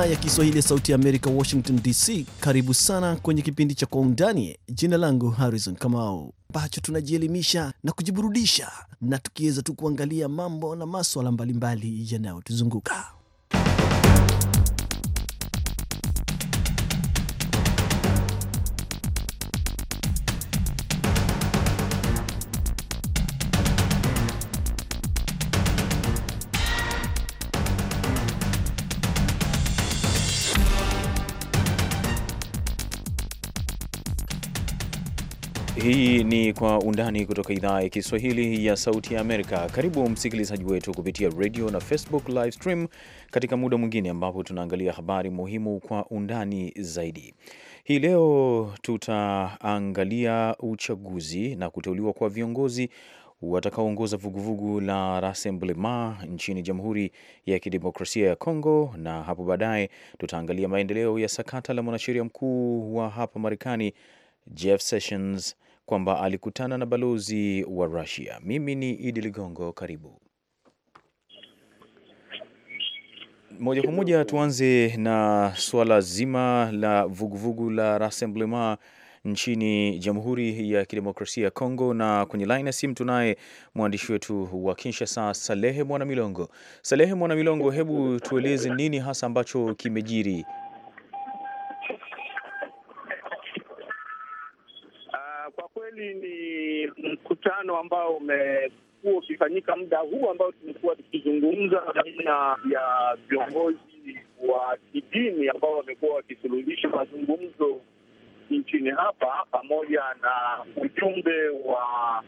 idhaa ya Kiswahili ya Sauti ya Amerika, Washington DC. Karibu sana kwenye kipindi cha Kwa Undani. Jina langu Harrison Kamau, ambacho tunajielimisha na kujiburudisha na tukiweza tu kuangalia mambo na maswala mbalimbali yanayotuzunguka. Hii ni Kwa Undani kutoka idhaa ya Kiswahili ya Sauti ya Amerika. Karibu msikilizaji wetu kupitia radio na Facebook live stream katika muda mwingine ambapo tunaangalia habari muhimu kwa undani zaidi. Hii leo tutaangalia uchaguzi na kuteuliwa kwa viongozi watakaoongoza vuguvugu la Rassemblement nchini Jamhuri ya Kidemokrasia ya Kongo, na hapo baadaye tutaangalia maendeleo ya sakata la mwanasheria mkuu wa hapa Marekani Jeff Sessions kwamba alikutana na balozi wa Rusia. Mimi ni Idi Ligongo, karibu moja kwa moja. Tuanze na suala zima la vuguvugu la Rassemblement nchini Jamhuri ya Kidemokrasia ya Kongo, na kwenye lin ya simu tunaye mwandishi wetu wa Kinshasa, Salehe Mwanamilongo. Salehe Mwanamilongo, hebu tueleze nini hasa ambacho kimejiri kweli ni mkutano ambao umekuwa ukifanyika muda huu ambao tumekuwa tukizungumza baina ya viongozi wa kidini ambao wamekuwa wakisuluhisha mazungumzo nchini hapa pamoja na ujumbe wa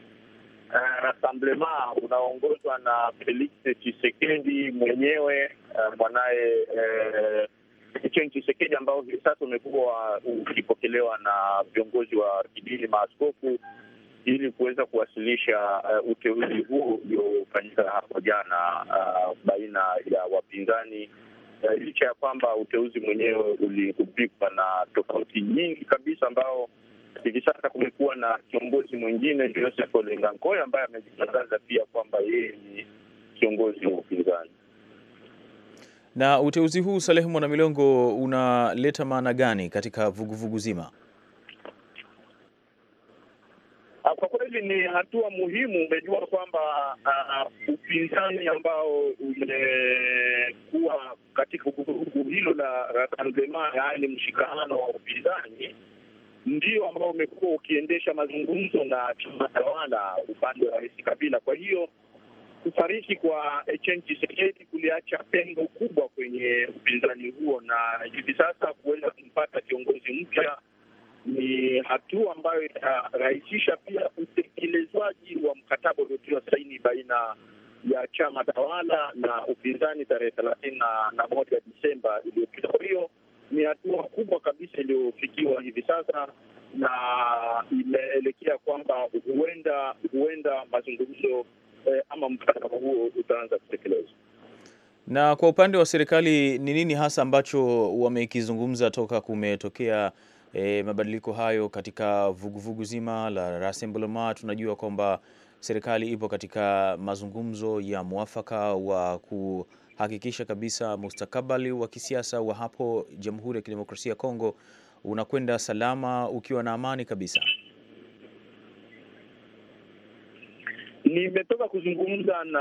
uh, unaoongozwa na Felix Tshisekedi mwenyewe, uh, mwanaye uh, Etienne Tshisekedi ambao hivi sasa umekuwa ukipokelewa na viongozi wa kidini, maaskofu ili kuweza kuwasilisha uh, uteuzi huo uliofanyika hapo jana uh, baina ya wapinzani uh, licha ya kwamba uteuzi mwenyewe ulikupikwa na tofauti nyingi kabisa, ambao hivi sasa kumekuwa na kiongozi mwingine Joseph Olenga Nkoya ambaye amejitangaza pia kwamba yeye ni kiongozi wa upinzani. Na uteuzi huu Saleh Mwanamilongo, unaleta maana gani katika vuguvugu vugu zima? Ah, kwa kweli ni hatua muhimu. Umejua kwamba uh, upinzani ambao umekuwa katika vuguvugu hilo la Tanzema, yaani mshikamano wa upinzani, ndio ambao umekuwa ukiendesha mazungumzo na chama tawala upande wa Rais Kabila. Kwa hiyo kufariki kwa Etienne Tshisekedi kuliacha pengo kubwa kwenye upinzani huo, na hivi sasa kuweza kumpata kiongozi mpya ni hatua ambayo itarahisisha pia utekelezwaji wa mkataba uliotiwa saini baina ya chama tawala na upinzani tarehe thelathini na moja Desemba iliyopita. Kwa hiyo ni hatua kubwa kabisa iliyofikiwa hivi sasa na imeelekea kwamba huenda huenda mazungumzo eh, ama mkataba huo utaanza kutekelezwa. Na kwa upande wa serikali ni nini hasa ambacho wamekizungumza toka kumetokea E, mabadiliko hayo katika vuguvugu vugu zima la Rassemblement? Tunajua kwamba serikali ipo katika mazungumzo ya mwafaka wa kuhakikisha kabisa mustakabali wa kisiasa wa hapo Jamhuri ya Kidemokrasia ya Kongo unakwenda salama ukiwa na amani kabisa. Nimetoka kuzungumza na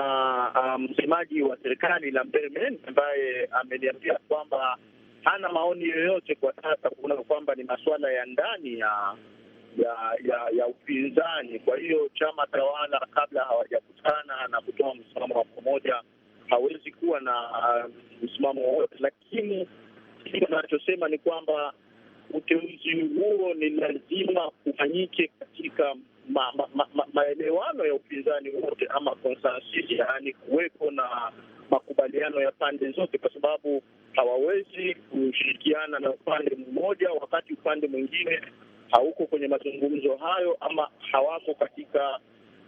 uh, msemaji um, wa serikali la Mende ambaye ameniambia kwamba hana maoni yoyote kwa sasa, kuona kwamba ni masuala ya ndani ya ya ya, ya upinzani. Kwa hiyo chama tawala kabla hawajakutana na kutoa msimamo wa pamoja hawezi kuwa na uh, msimamo um, wowote, lakini kile anachosema ni kwamba uteuzi huo ni lazima ufanyike katika maelewano ma, ma, ma ya upinzani wote ama consensus, yaani kuweko na makubaliano ya pande zote, kwa sababu hawawezi kushirikiana na upande mmoja wakati upande mwingine hauko kwenye mazungumzo hayo ama hawako katika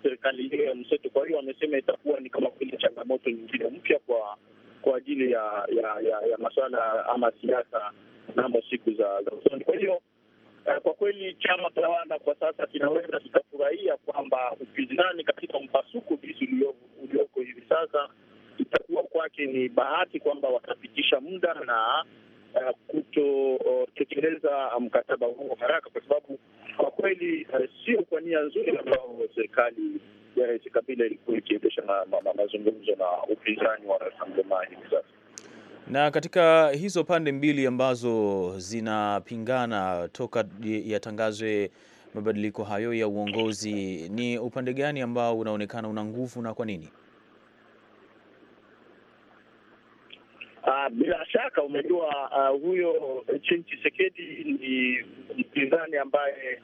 serikali hiyo ya mseto. Kwa hiyo wamesema itakuwa ni kama vile changamoto nyingine mpya kwa kwa ajili ya ya, ya, ya masuala ama siasa namo siku za za usoni. Kwa hiyo Eh, kwa kweli chama tawala kwa sasa kinaweza kikafurahia kwamba upinzani katika mpasuko jinsi ulioko hivi sasa, itakuwa kwake ni bahati kwamba watapitisha muda na uh, eh, kutotekeleza uh, ah, mkataba huo haraka, kwa sababu kwa kweli uh, sio kwa nia nzuri ambao serikali ya Rais Kabila ilikuwa ikiendesha mazungumzo na upinzani wa Rassemblement hivi sasa. Na katika hizo pande mbili ambazo zinapingana toka yatangazwe mabadiliko hayo ya uongozi, ni upande gani ambao unaonekana una nguvu na kwa nini? Uh, bila shaka umejua, uh, huyo Etienne Tshisekedi ni mpinzani ambaye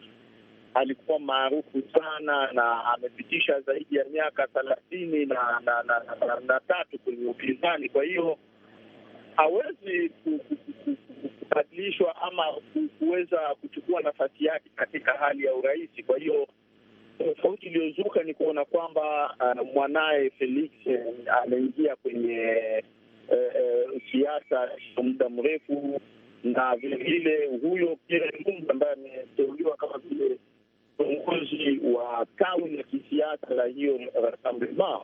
alikuwa maarufu sana na amepitisha zaidi ya miaka thelathini na, na, na, na, na, na tatu kwenye upinzani. Kwa hiyo hawezi kubadilishwa ama kuweza kuchukua nafasi yake katika hali ya urais. Kwa hiyo tofauti iliyozuka ni kuona kwamba uh, mwanaye Felix eh, ameingia kwenye uh, siasa sio muda mrefu, na vilevile huyo Pierre Lumumba ambaye ameteuliwa kama vile kiongozi wa tawi la kisiasa la hiyo Rassemblement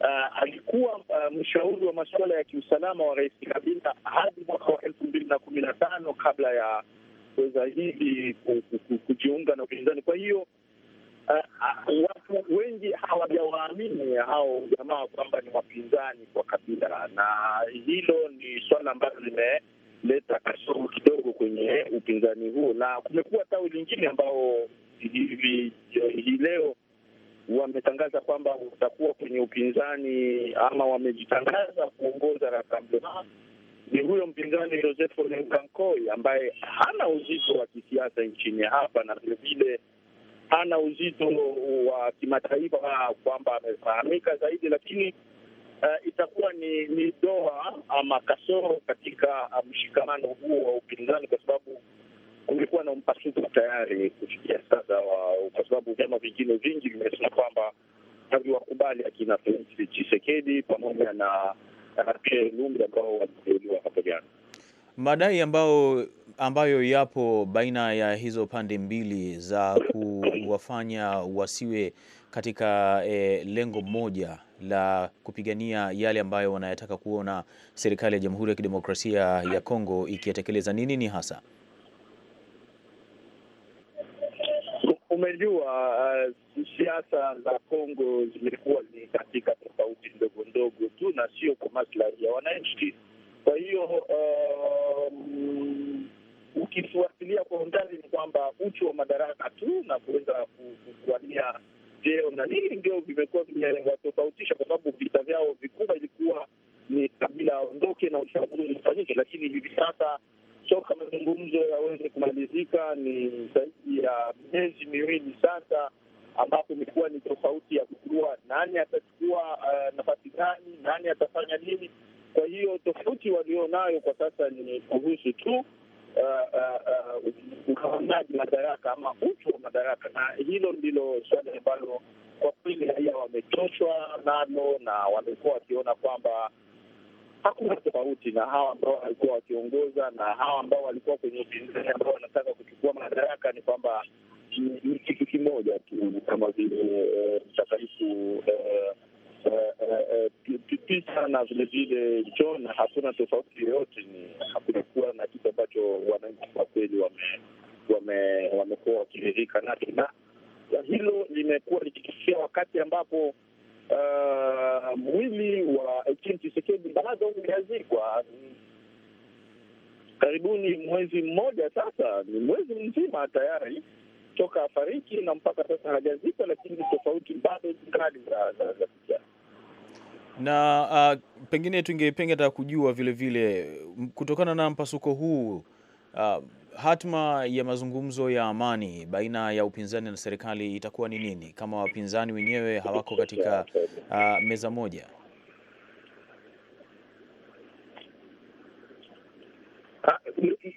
uh, alikuwa uh, mshauri wa masuala ya kiusalama wa Rais Kabila hadi mwaka wa elfu mbili na kumi na tano kabla ya kuweza hivi kujiunga na upinzani. Kwa hiyo uh, uh, watu wengi hawajawaamini hao jamaa kwamba ni wapinzani kwa Kabila, na hilo ni swala ambalo limeleta kasoro kidogo kwenye upinzani huo, na kumekuwa tawi lingine ambao hivi wametangaza kwamba watakuwa kwenye upinzani ama wamejitangaza kuongoza Rassemblement ni huyo mpinzani Joseph Ole ambaye hana uzito wa kisiasa nchini hapa na vilevile hana uzito wa kimataifa kwamba amefahamika zaidi, lakini uh, itakuwa ni, ni doa ama kasoro katika eh, mshikamano huo wa upinzani, kwa sababu kulikuwa na mpasuko tayari kufikia sasa, kwa sababu vyama vingine vingi vimesema kwamba haviwakubali akina Felix Tshisekedi pamoja na Pierre Lumbi ambao waliteuliwa hapo jana. Madai ambayo, ambayo yapo baina ya hizo pande mbili za kuwafanya wasiwe katika e, lengo moja la kupigania yale ambayo wanayataka kuona serikali ya Jamhuri ya Kidemokrasia ya Kongo ikiyatekeleza ni nini hasa? Unajua uh, siasa za Kongo zimekuwa ni katika tofauti ndogo ndogo tu na sio kwa maslahi ya wananchi. Kwa hiyo um, ukifuatilia kwa undani ni kwamba uchu wa madaraka tu na kuweza kuwania vyeo na nini ndio vimekuwa vimewatofautisha, kwa sababu vita vyao vikubwa ilikuwa ni kabila aondoke na uchaguzi ufanyike, lakini hivi sasa toka mazungumzo yaweze kumalizika ni zaidi ya miezi miwili sasa, ambapo imekuwa ni tofauti ya kujua nani atachukua uh, nafasi gani, nani atafanya nini. Kwa hiyo tofauti walionayo kwa sasa ni kuhusu tu eh, eh, ugawanaji uh, uh, uh, madaraka ama uchu wa madaraka, na hilo ndilo swali ambalo kwa kweli raia wamechoshwa nalo na wamekuwa wakiona kwamba hakuna tofauti na hawa ambao walikuwa wakiongoza na hawa ambao walikuwa kwenye upinzani ambao wanataka kuchukua madaraka, ni kwamba ni kitu kimoja tu, kama vile eh, mtakatifu eh, eh, Pita na vilevile John, hakuna tofauti yoyote, ni hakunakuwa na kitu ambacho wananchi kwa kweli wamekuwa wakiridhika nacho, na hilo limekuwa likitokea wakati ambapo Uh, mwili wa Etienne Tshisekedi bado hujazikwa. Karibuni mwezi mmoja sasa, ni mwezi mzima tayari toka afariki na mpaka sasa hajazikwa, lakini tofauti bado kali za za na uh, pengine tungependa kujua vile vile kutokana na mpasuko huu uh, hatma ya mazungumzo ya amani baina ya upinzani na serikali itakuwa ni nini kama wapinzani wenyewe hawako katika uh, meza moja? Ah,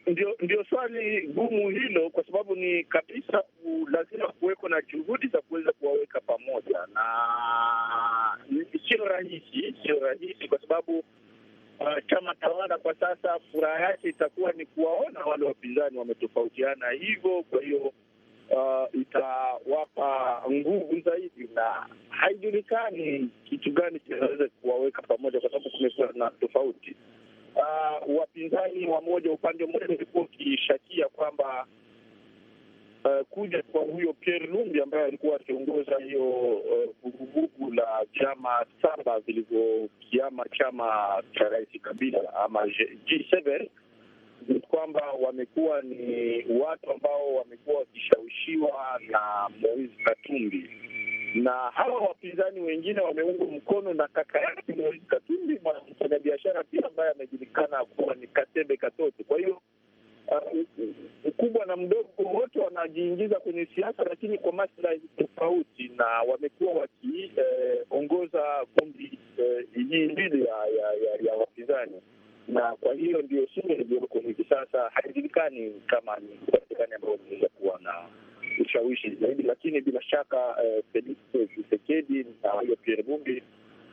ndio, ndio swali gumu hilo, kwa sababu ni kabisa lazima kuweko na juhudi za kuweza kuwaweka pamoja, na sio rahisi, sio rahisi kwa sababu uh, chama tawala kwa sasa furaha yake itakuwa ni kuwaona wale wapinzani wametofautiana hivyo, kwa hiyo Uh, itawapa nguvu zaidi, na haijulikani kitu gani kinaweza kuwaweka pamoja, kwa sababu kumekuwa na tofauti. Uh, wapinzani wa moja upande mmoja ulikuwa ukishakia kwamba uh, kuja kwa huyo Pierre Lumbi ambaye alikuwa akiongoza hiyo eh, vuguvugu uh, la vyama saba vilivyokiama chama cha Rais Kabila ama G7 ni kwamba wamekuwa ni watu ambao wamekuwa wakishawishiwa na Moise Katumbi na hawa wapinzani wengine wameungwa mkono na kaka yake Moise Katumbi, mfanyabiashara pia ambaye amejulikana kuwa ni Katembe Katoto. Kwa hiyo Uh, mkubwa uh, na mdogo wote wanajiingiza kwenye siasa, lakini kwa maslahi tofauti, na wamekuwa wakiongoza eh, uh, eh, kundi hii mbili ya, ya, ya, ya wapinzani na kwa hiyo ndio sumu iliyoko hivi sasa. Haijulikani kama ni upande ambao unaweza kuwa na ushawishi zaidi, lakini bila shaka eh, Felix Tshisekedi na huyo Pierre Bumbi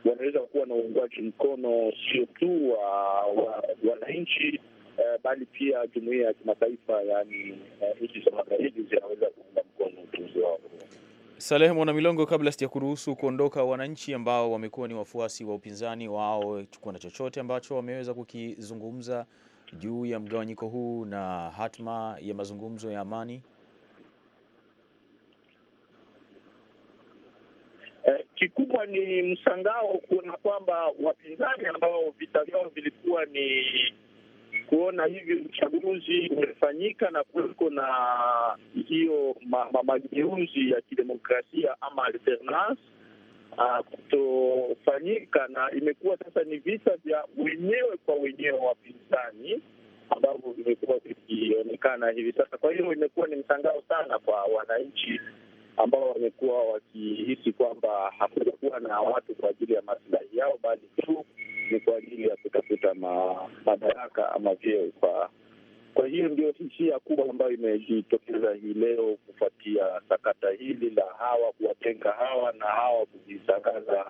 wanaweza kuwa na uungwaji mkono sio tu wa wananchi wa eh, bali pia jumuia ya kimataifa yani eh, nchi eh, za magharibi zinaweza kuunga mkono utunzi wao. Salehe Mwana Milongo, kabla kuruhusu kuondoka, wananchi ambao wamekuwa ni wafuasi wa upinzani wao, kuna chochote ambacho wameweza kukizungumza juu ya mgawanyiko huu na hatma ya mazungumzo ya amani? Eh, kikubwa ni mshangao kuona kwamba wapinzani ambao vita vyao vilikuwa ni kuona hivi uchaguzi umefanyika na kuweko na hiyo mageuzi ma, ma, ya kidemokrasia ama alternance uh, kutofanyika, na imekuwa sasa ni visa vya wenyewe kwa wenyewe wapinzani ambavyo vimekuwa vikionekana hivi sasa. Kwa hiyo imekuwa ni mshangao sana kwa wananchi ambao wamekuwa wakihisi kwamba hakutakuwa na watu kwa ajili ya masilahi yao, bali tu ni kwa ajili ya kutafuta ma, madaraka ama vyeo kwa kwa hiyo ndio hisia kubwa ambayo imejitokeza hii leo kufuatia sakata hili la hawa kuwatenga hawa na hawa kujitangaza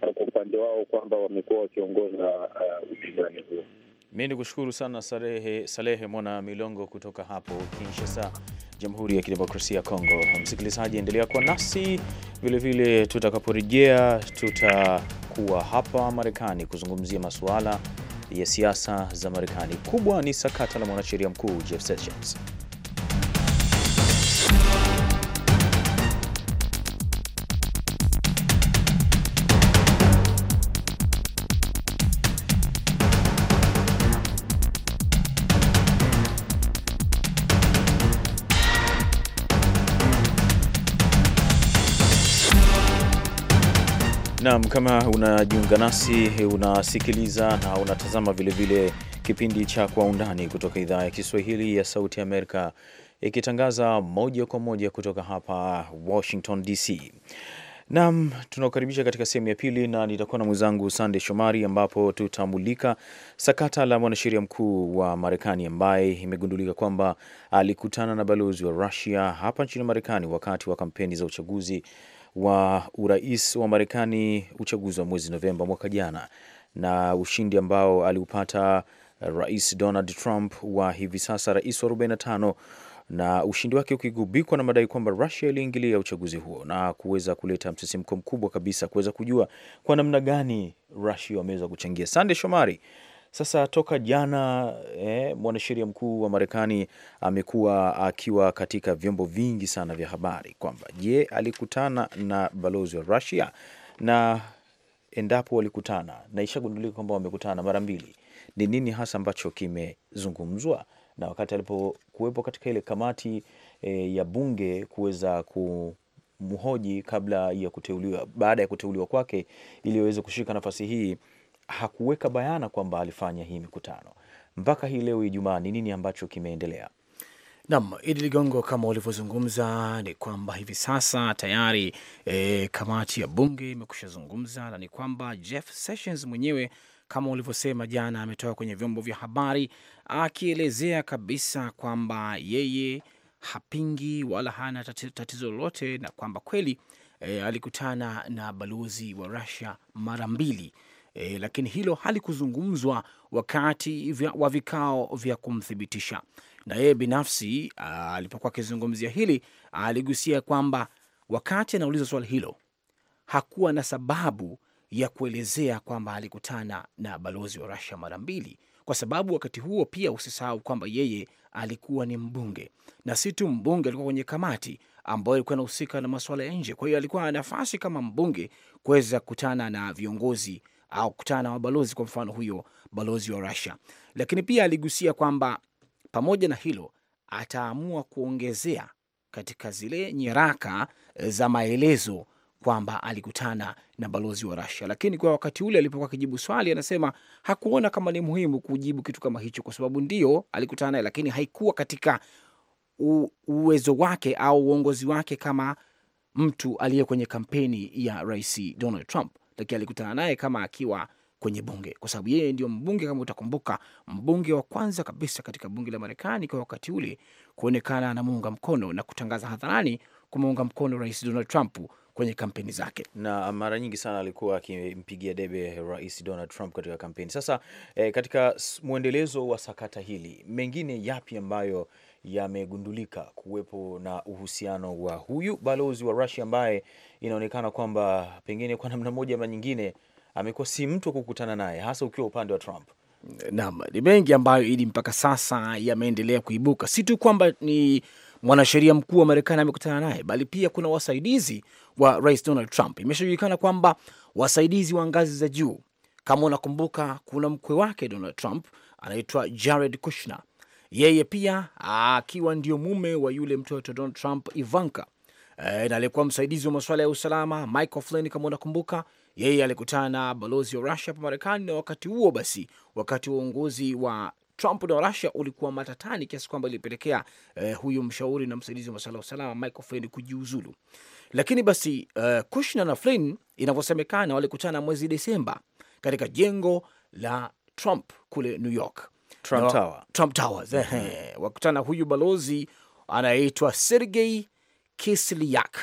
kwa upande wao kwamba wamekuwa wakiongoza uh, upinzani huo. Mi ni kushukuru sana Salehe, Salehe Mwana Milongo kutoka hapo Kinshasa. Jamhuri ya Kidemokrasia ya Kongo. Msikilizaji, endelea kuwa nasi vilevile, tutakaporejea tutakuwa hapa Marekani kuzungumzia masuala ya siasa za Marekani. Kubwa ni sakata la mwanasheria mkuu Jeff Sessions. Naam, kama unajiunga nasi, unasikiliza na unatazama vilevile kipindi cha Kwa Undani kutoka idhaa ya Kiswahili ya Sauti Amerika, ikitangaza moja kwa moja kutoka hapa Washington DC. Naam, tunakukaribisha katika sehemu ya pili, na nitakuwa na mwenzangu Sande Shomari, ambapo tutamulika sakata la mwanasheria mkuu wa Marekani ambaye imegundulika kwamba alikutana na balozi wa Rusia hapa nchini Marekani wakati wa kampeni za uchaguzi wa urais wa Marekani, uchaguzi wa mwezi Novemba mwaka jana, na ushindi ambao aliupata uh, Rais Donald Trump wa hivi sasa, rais wa 45 na ushindi wake ukigubikwa na madai kwamba Russia iliingilia uchaguzi huo na kuweza kuleta msisimko mkubwa kabisa, kuweza kujua kwa namna gani Russia wameweza kuchangia. Sande Shomari sasa toka jana eh, mwanasheria mkuu wa Marekani amekuwa akiwa katika vyombo vingi sana vya habari kwamba je, alikutana na balozi wa Russia na endapo walikutana na ishagundulika kwamba wamekutana mara mbili, ni nini hasa ambacho kimezungumzwa? Na wakati alipokuwepo katika ile kamati e, ya bunge kuweza kumhoji kabla ya kuteuliwa, baada ya kuteuliwa kwake ili aweze kushika nafasi hii hakuweka bayana kwamba alifanya hii mikutano. Mpaka hii leo Ijumaa, ni nini ambacho kimeendelea? Nam Idi Ligongo, kama ulivyozungumza ni kwamba hivi sasa tayari e, kamati ya bunge imekusha zungumza, na ni kwamba Jeff Sessions mwenyewe kama ulivyosema jana, ametoka kwenye vyombo vya habari akielezea kabisa kwamba yeye hapingi wala hana tatizo lolote, na kwamba kweli e, alikutana na balozi wa Russia mara mbili e, lakini hilo halikuzungumzwa wakati vya, wa vikao vya kumthibitisha. Na yeye binafsi alipokuwa akizungumzia hili aligusia kwamba wakati anauliza swali hilo hakuwa na sababu ya kuelezea kwamba alikutana na balozi wa rusia mara mbili, kwa sababu wakati huo pia usisahau kwamba yeye alikuwa ni mbunge, na si tu mbunge, alikuwa kwenye kamati ambayo ilikuwa inahusika na masuala ya nje. Kwa hiyo alikuwa na nafasi kama mbunge kuweza kukutana na viongozi au kutana na mabalozi, kwa mfano huyo balozi wa Russia. Lakini pia aligusia kwamba pamoja na hilo ataamua kuongezea katika zile nyaraka e, za maelezo kwamba alikutana na balozi wa Russia, lakini kwa wakati ule alipokuwa akijibu swali, anasema hakuona kama ni muhimu kujibu kitu kama hicho, kwa sababu ndio alikutana naye, lakini haikuwa katika uwezo wake au uongozi wake kama mtu aliye kwenye kampeni ya Rais Donald Trump lakini alikutana naye kama akiwa kwenye bunge, kwa sababu yeye ndio mbunge, kama utakumbuka, mbunge wa kwanza kabisa katika bunge la Marekani kwa wakati ule kuonekana anamuunga mkono na kutangaza hadharani kumuunga mkono Rais Donald Trump kwenye kampeni zake, na mara nyingi sana alikuwa akimpigia debe Rais Donald Trump katika kampeni. Sasa eh, katika mwendelezo wa sakata hili, mengine yapi ambayo yamegundulika kuwepo na uhusiano wa huyu balozi wa Russia ambaye inaonekana kwamba pengine kwa namna moja ama nyingine amekuwa si mtu wa kukutana naye, hasa ukiwa upande wa Trump. Naam, ni mengi ambayo ili mpaka sasa yameendelea kuibuka, si tu kwamba ni mwanasheria mkuu wa Marekani amekutana naye, bali pia kuna wasaidizi wa Rais Donald Trump. Imeshajulikana kwamba wasaidizi wa ngazi za juu, kama unakumbuka, kuna mkwe wake Donald Trump anaitwa Jared Kushner yeye pia akiwa ndio mume wa yule mtoto Donald Trump, Ivanka. E, na aliyekuwa msaidizi wa masuala ya usalama Michael Flynn, kama unakumbuka, yeye alikutana na balozi wa Russia hapa Marekani, na wakati huo basi, wakati wa uongozi wa Trump na Russia ulikuwa matatani kiasi kwamba ilipelekea eh, huyu mshauri na msaidizi wa masuala ya usalama Michael Flynn kujiuzulu. Lakini basi eh, Kushner na Flynn inavyosemekana walikutana mwezi Desemba katika jengo la Trump kule New York Trump no, Tower. Trump Towers mhm. wakutana huyu balozi anayeitwa Sergei Kisliak.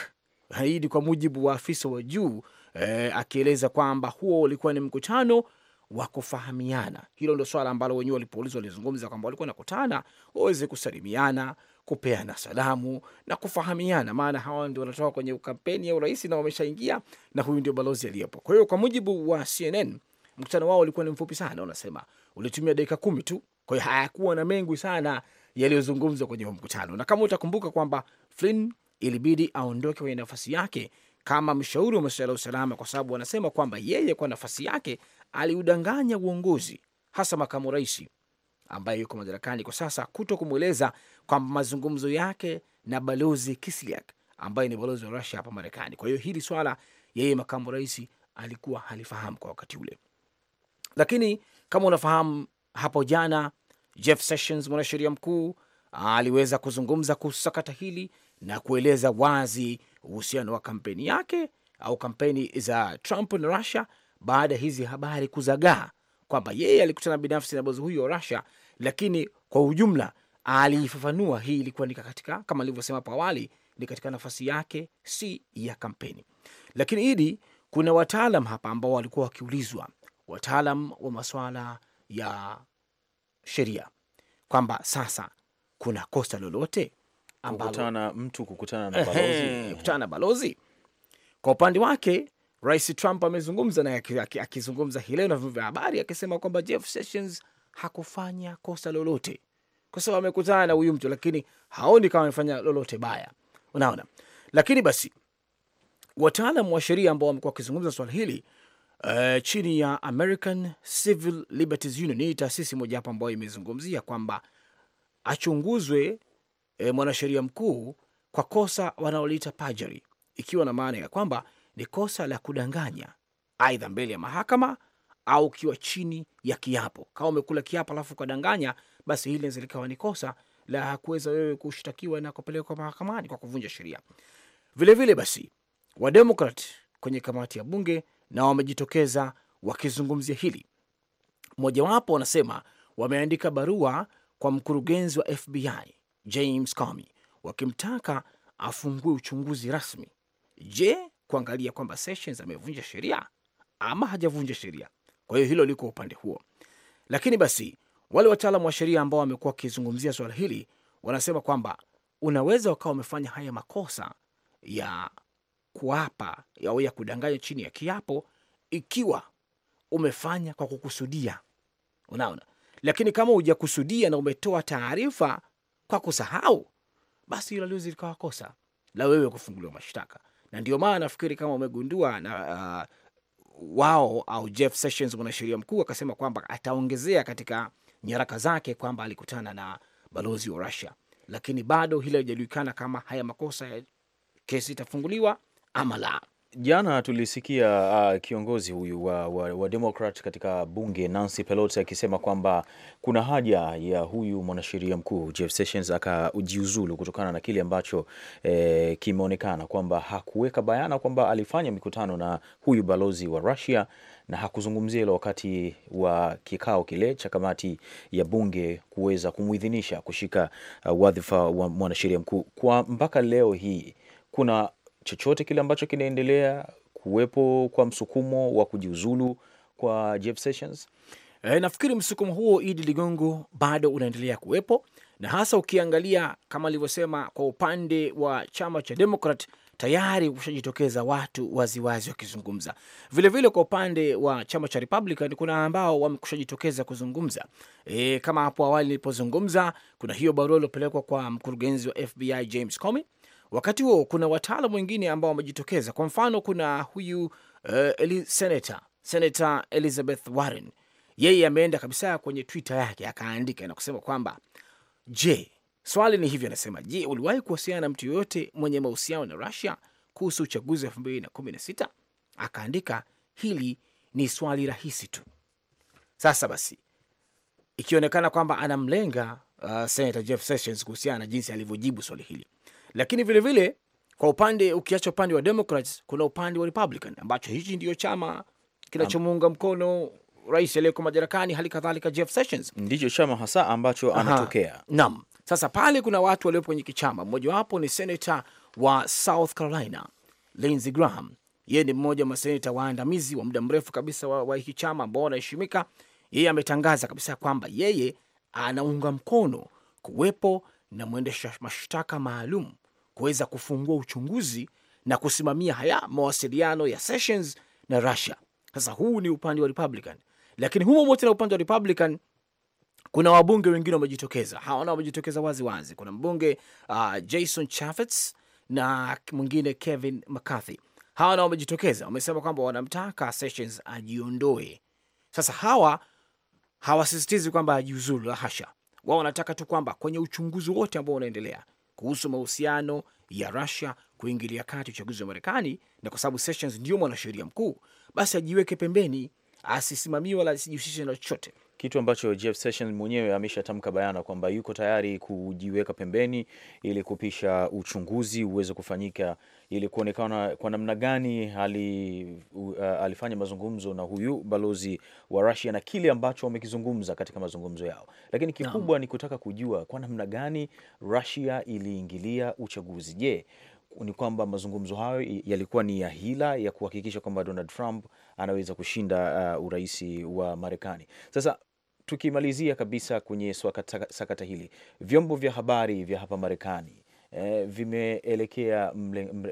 Hii ni kwa mujibu wa afisa wa juu eh, akieleza kwamba huo ulikuwa ni mkutano wa kufahamiana. Hilo ndio swala ambalo wenyewe walipoulizwa walizungumza kwamba walikuwa nakutana waweze kusalimiana, kupeana salamu na kufahamiana, maana hawa ndio wanatoka kwenye kampeni ya urais na wameshaingia, na huyu ndio balozi aliyepo. Kwa hiyo kwa mujibu wa CNN mkutano wao ulikuwa ni mfupi sana, unasema ulitumia dakika kumi tu. Kwa hiyo hayakuwa na mengi sana yaliyozungumzwa kwenye mkutano, na kama utakumbuka kwamba Flynn ilibidi aondoke kwenye nafasi yake kama mshauri wa masuala ya usalama, kwa sababu wanasema kwamba yeye kwa nafasi yake aliudanganya uongozi, hasa makamu rais ambaye yuko madarakani kwa sasa, kuto kumweleza kwamba mazungumzo yake na balozi Kislyak ambaye ni balozi wa Rusia hapa Marekani. Kwa hiyo hili swala yeye makamu rais alikuwa halifahamu kwa wakati ule, lakini kama unafahamu, hapo jana Jeff Sessions, mwanasheria mkuu, aliweza kuzungumza kuhusu sakata hili na kueleza wazi uhusiano wa kampeni yake au kampeni za Trump na Russia baada ya hizi habari kuzagaa kwamba yeye alikutana binafsi na bozi huyo wa Russia, lakini kwa ujumla aliifafanua hii ilikuwa ni katika, kama alivyosema hapo awali, ni katika nafasi yake, si ya kampeni. Lakini idi kuna wataalam hapa ambao walikuwa wakiulizwa wataalam wa masuala ya sheria kwamba sasa kuna kosa lolote ambalo kukutana mtu kukutana na balozi, kukutana na balozi. Kwa upande wake Rais Trump amezungumza naye akizungumza hii leo na vyombo vya habari akisema kwamba Jeff Sessions hakufanya kosa lolote kwa sababu amekutana na huyu mtu, lakini haoni kama amefanya lolote baya, unaona. Lakini basi wataalam wa sheria ambao wamekuwa wakizungumza swala hili uh, chini ya American Civil Liberties Union. Hii taasisi moja hapo ambayo imezungumzia kwamba achunguzwe e, mwanasheria mkuu kwa kosa wanaoliita perjury, ikiwa na maana ya kwamba ni kosa la kudanganya aidha mbele ya mahakama au ukiwa chini ya kiapo. Kama umekula kiapo alafu ukadanganya, basi hili linaweza likawa ni kosa la kuweza wewe kushtakiwa na kupelekwa mahakamani kwa kuvunja sheria. Vilevile basi Wademokrat kwenye kamati ya bunge na wamejitokeza wakizungumzia hili. Mmojawapo wanasema wameandika barua kwa mkurugenzi wa FBI James Comey wakimtaka afungue uchunguzi rasmi. Je, kuangalia kwamba Sessions amevunja sheria ama hajavunja sheria. Kwa hiyo hilo liko upande huo, lakini basi wale wataalamu wa sheria ambao wamekuwa wakizungumzia suala hili wanasema kwamba unaweza wakawa wamefanya haya makosa ya kuapa au ya kudanganya chini ya kiapo ikiwa umefanya kwa kukusudia. Unaona, lakini kama hujakusudia na umetoa taarifa kwa kusahau, basi hilo liwezi likawa kosa la wewe kufunguliwa mashtaka. Na ndio maana nafikiri kama umegundua na uh, wao au Jeff Sessions mwanasheria mkuu akasema kwamba ataongezea katika nyaraka zake kwamba alikutana na balozi wa Russia, lakini bado hilo haijajulikana kama haya makosa ya kesi itafunguliwa ama la. Jana tulisikia uh, kiongozi huyu wa, wa, wa Demokrat katika bunge Nancy Pelosi akisema kwamba kuna haja ya huyu mwanasheria mkuu Jeff Sessions akajiuzulu kutokana na kile ambacho eh, kimeonekana kwamba hakuweka bayana kwamba alifanya mikutano na huyu balozi wa Russia na hakuzungumzia hilo wakati wa kikao kile cha kamati ya bunge kuweza kumwidhinisha kushika uh, wadhifa wa mwanasheria mkuu. Kwa mpaka leo hii kuna chochote kile ambacho kinaendelea, kuwepo kwa msukumo wa kujiuzulu kwa Jeff Sessions. E, nafikiri msukumo huo Idi Ligongo bado unaendelea kuwepo na hasa ukiangalia kama alivyosema kwa upande wa chama cha demokrat tayari kushajitokeza watu waziwazi wakizungumza. Vilevile kwa upande wa chama cha Republican kuna ambao wamekushajitokeza kuzungumza. E, kama hapo awali nilipozungumza, kuna hiyo barua iliyopelekwa kwa mkurugenzi wa FBI James Comey Wakati huo kuna wataalam wengine ambao wamejitokeza. Kwa mfano, kuna huyu uh, eh, senata senata Elizabeth Warren, yeye ameenda kabisa kwenye Twitter yake akaandika na kusema kwamba je, swali ni hivyo. Anasema, je, uliwahi kuhusiana na mtu yoyote mwenye mahusiano na Russia kuhusu uchaguzi wa elfu mbili na kumi na sita? Akaandika, hili ni swali rahisi tu. Sasa basi ikionekana kwamba anamlenga uh, Senator Jeff Sessions kuhusiana na jinsi alivyojibu swali hili. Lakini vilevile vile, kwa upande ukiacha upande wa Democrats kuna upande wa Republican ambacho hichi ndiyo chama kinachomuunga mkono rais aliyeko madarakani, hali kadhalika Jeff Sessions, ndicho chama hasa ambacho anatokea. Naam, sasa pale kuna watu waliopo kwenye kichama, mmojawapo ni senator wa South Carolina Lindsey Graham, yeye ni mmoja wa maseneta waandamizi wa muda mrefu kabisa wa, wa hiki chama ambao wanaheshimika. Yeye ametangaza kabisa kwamba yeye anaunga mkono kuwepo na mwendesha mashtaka maalum kuweza kufungua uchunguzi na kusimamia haya mawasiliano ya Sessions na Russia. Sasa huu ni upande wa Republican, lakini humo wote na upande wa Republican kuna wabunge wengine wamejitokeza, hawana wamejitokeza wazi wazi. Kuna mbunge uh, Jason Chaffetz na mwingine Kevin McCarthy, hawa nao wamejitokeza, wamesema kwamba wanamtaka Sessions ajiondoe. Sasa hawa hawasisitizi kwamba ajiuzulu, hasha. Wao wanataka tu kwamba kwenye uchunguzi wote ambao unaendelea kuhusu mahusiano ya rusia kuingilia kati uchaguzi wa Marekani, na kwa sababu Sessions ndio mwanasheria mkuu, basi ajiweke pembeni, asisimamiwa wala asijihusishe na chochote kitu ambacho Jeff Sessions mwenyewe ameshatamka bayana kwamba yuko tayari kujiweka pembeni ili kupisha uchunguzi uweze kufanyika ili kuonekana kwa namna gani hali, uh, alifanya mazungumzo na huyu balozi wa Russia na kile ambacho wamekizungumza katika mazungumzo yao, lakini kikubwa no. ni kutaka kujua kwa namna gani Russia iliingilia uchaguzi. Je, ni kwamba mazungumzo hayo yalikuwa ni ya hila ya kuhakikisha kwamba Donald Trump anaweza kushinda uh, urais wa Marekani. Sasa tukimalizia kabisa kwenye sakata, hili, vyombo vya habari vya hapa Marekani E, vimeelekea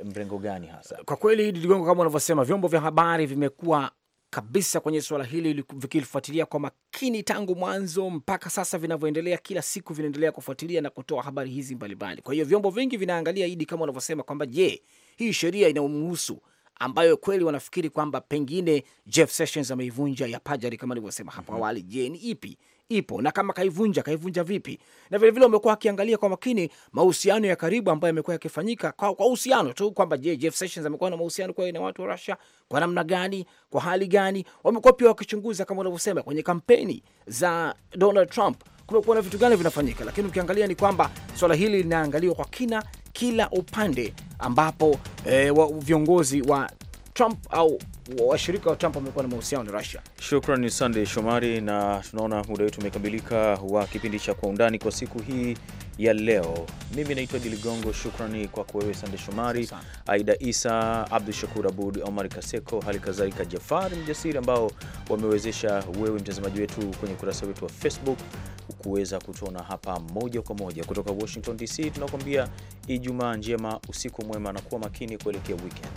mrengo gani hasa? Kwa kweli Idi Ligongo, kama unavyosema, vyombo vya habari vimekuwa kabisa kwenye suala hili vikifuatilia kwa makini tangu mwanzo mpaka sasa, vinavyoendelea kila siku vinaendelea kufuatilia na kutoa habari hizi mbalimbali. Kwa hiyo vyombo vingi vinaangalia, Idi, kama unavyosema kwamba je, hii sheria inamhusu ambayo kweli wanafikiri kwamba pengine Jeff Sessions ameivunja ya Pajari kama nilivyosema hapo mhm. awali. Je, ni ipi ipo na kama kaivunja kaivunja vipi? Na vilevile wamekuwa akiangalia kwa makini mahusiano ya karibu ambayo yamekuwa yakifanyika kwa uhusiano tu, kwamba je, Jeff Sessions amekuwa na mahusiano kwa na watu wa Russia kwa namna gani, kwa hali gani? Wamekuwa pia wakichunguza kama unavyosema kwenye kampeni za Donald Trump kumekuwa na vitu gani vinafanyika, lakini ukiangalia ni kwamba swala hili linaangaliwa kwa kina, kila upande ambapo e, wa, viongozi wa Trump au washirika wa Trump wamekuwa na mahusiano na Russia. Shukrani sandey Shomari, na tunaona muda wetu umekamilika wa kipindi cha Kwa Undani kwa siku hii ya leo. Mimi naitwa Idi Ligongo, shukrani kwako wewe Sande Shomari, Aida Isa, abdu Shakur Abud, Omar Kaseko, hali kadhalika Jafari Mjasiri, ambao wamewezesha wewe mtazamaji wetu kwenye ukurasa wetu wa Facebook kuweza kutuona hapa moja kwa moja kutoka Washington DC. Tunakuambia Ijumaa njema, usiku mwema na kuwa makini kuelekea weekend.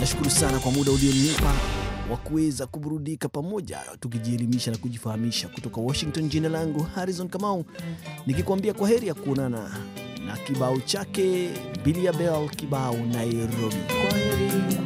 Nashukuru sana kwa muda ulionipa wa kuweza kuburudika pamoja tukijielimisha na kujifahamisha. Kutoka Washington, jina langu Harrison Kamau, nikikuambia kwa heri ya kuonana na kibao chake Billy Abel, kibao Nairobi. Kwa heri.